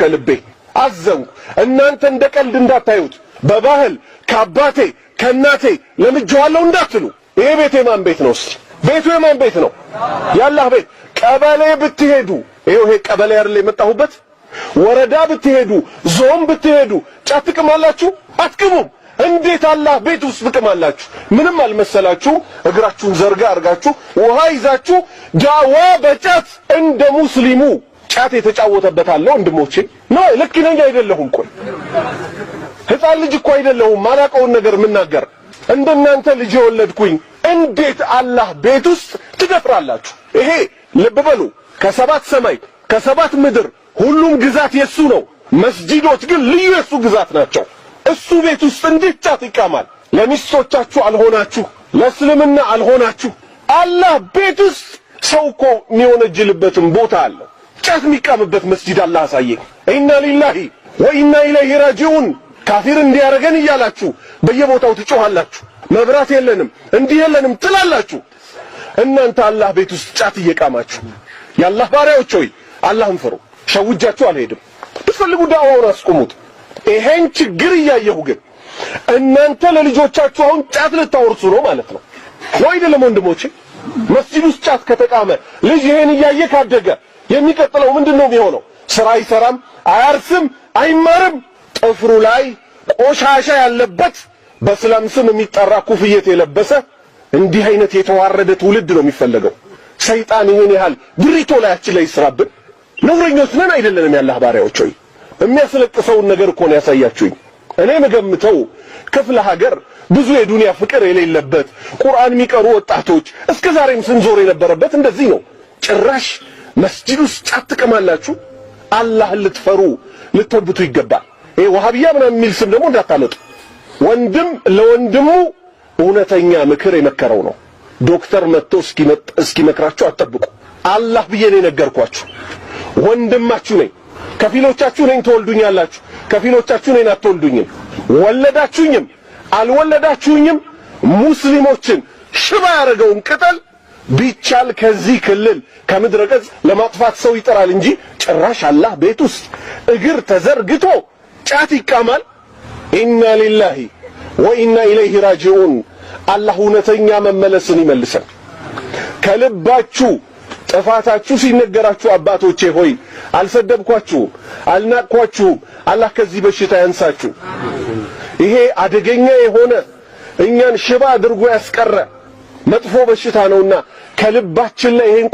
ከልቤ አዘንኩ። እናንተ እንደ ቀልድ እንዳታዩት፣ በባህል ከአባቴ ከእናቴ ለምጄዋለሁ እንዳትሉ። ይሄ ቤት የማን ቤት ነው? እስኪ ቤቱ የማን ቤት ነው? ያላህ ቤት። ቀበሌ ብትሄዱ ይሄው ይሄ ቀበሌ አይደል የመጣሁበት። ወረዳ ብትሄዱ፣ ዞን ብትሄዱ ጫት ትቅማላችሁ? አትቅሙም። እንዴት አላህ ቤት ውስጥ ትቅማላችሁ? ምንም አልመሰላችሁ። እግራችሁን ዘርጋ አድርጋችሁ ውሃ ይዛችሁ ዳዋ በጫት እንደ ሙስሊሙ ጫት የተጫወተበት አለ ወንድሞቼ ነው። ልክ ነኝ አይደለሁም? ቆይ ህፃን ልጅ እኮ አይደለሁም። ማላቀውን ነገር የምናገር እንደናንተ ልጅ የወለድኩኝ እንዴት አላህ ቤት ውስጥ ትደፍራላችሁ? ይሄ ልብ በሉ ከሰባት ሰማይ ከሰባት ምድር ሁሉም ግዛት የሱ ነው። መስጂዶች ግን ልዩ የሱ ግዛት ናቸው። እሱ ቤት ውስጥ እንዴት ጫት ይቃማል? ለሚስቶቻችሁ አልሆናችሁ፣ ለእስልምና አልሆናችሁ። አላህ ቤት ውስጥ ሰው እኮ የሚወነጅልበትም ቦታ አለው። ጫት የሚቃምበት መስጂድ አላህ አሳየኝ። ኢና ሊላሂ ወኢና ኢለይሂ ራጂዑን ካፊር እንዲያረገን እያላችሁ በየቦታው ትጮኋላችሁ መብራት የለንም እንዲህ የለንም ትላላችሁ። እናንተ አላህ ቤት ውስጥ ጫት እየቃማችሁ የአላህ ባሪያዎች ሆይ አላህን ፍሩ። ሸውጃችሁ አልሄድም። ብትፈልጉ ዳዋውን አስቁሙት። ይሄን ችግር እያየሁ ግን እናንተ ለልጆቻችሁ አሁን ጫት ልታወርሱ ነው ማለት ነው ወይ ደለም ወንድሞቼ መስጂድ ውስጥ ጫት ከተቃመ ልጅ ይሄን እያየ ካደገ የሚቀጥለው ምንድን ነው የሚሆነው? ስራ አይሰራም፣ አያርስም፣ አይማርም። ጥፍሩ ላይ ቆሻሻ ያለበት በስላም ስም የሚጠራ ኩፍየት የለበሰ እንዲህ አይነት የተዋረደ ትውልድ ነው የሚፈለገው። ሰይጣን ይህን ያህል ብሪቶ ላያችን ላይ ይስራብን። ነውረኞች ነን አይደለንም? የአላህ ባሪያዎች ሆይ የሚያስለቅሰውን ነገር እኮ ነው ያሳያችሁኝ። እኔ የምገምተው ክፍለ ሀገር ብዙ የዱንያ ፍቅር የሌለበት ቁርአን የሚቀሩ ወጣቶች እስከ ዛሬም ስንዞር የነበረበት እንደዚህ ነው ጭራሽ መስጂድ ውስጥ ትቀማላችሁ አላህን ልትፈሩ ልትወብቱ ይገባል። ይሄ ወሃቢያ ምናምን የሚል ስም ደግሞ እንዳታመጡ። ወንድም ለወንድሙ እውነተኛ ምክር የመከረው ነው። ዶክተር መጥቶ እስኪመክራችሁ አትጠብቁ። አላህ ብዬ ነው የነገርኳችሁ። ወንድማችሁ ነኝ። ከፊሎቻችሁ ነኝ ትወልዱኛላችሁ፣ ከፊሎቻችሁ ነኝ አትወልዱኝም። ወለዳችሁኝም አልወለዳችሁኝም ሙስሊሞችን ሽባ ያደረገውን ቅጠል ቢቻል ከዚህ ክልል ከምድረ ገጽ ለማጥፋት ሰው ይጠራል እንጂ ጭራሽ አላህ ቤት ውስጥ እግር ተዘርግቶ ጫት ይቃማል። ኢና ሊላሂ ወኢና ኢለይሂ ራጂዑን። አላህ እውነተኛ መመለስን ይመልሰን። ከልባችሁ ጥፋታችሁ ሲነገራችሁ አባቶቼ ሆይ አልሰደብኳችሁም፣ አልናቅኳችሁም። አላህ ከዚህ በሽታ ያንሳችሁ። ይሄ አደገኛ የሆነ እኛን ሽባ አድርጎ ያስቀረ መጥፎ በሽታ ነውና ከልባችን ላይ ይሄን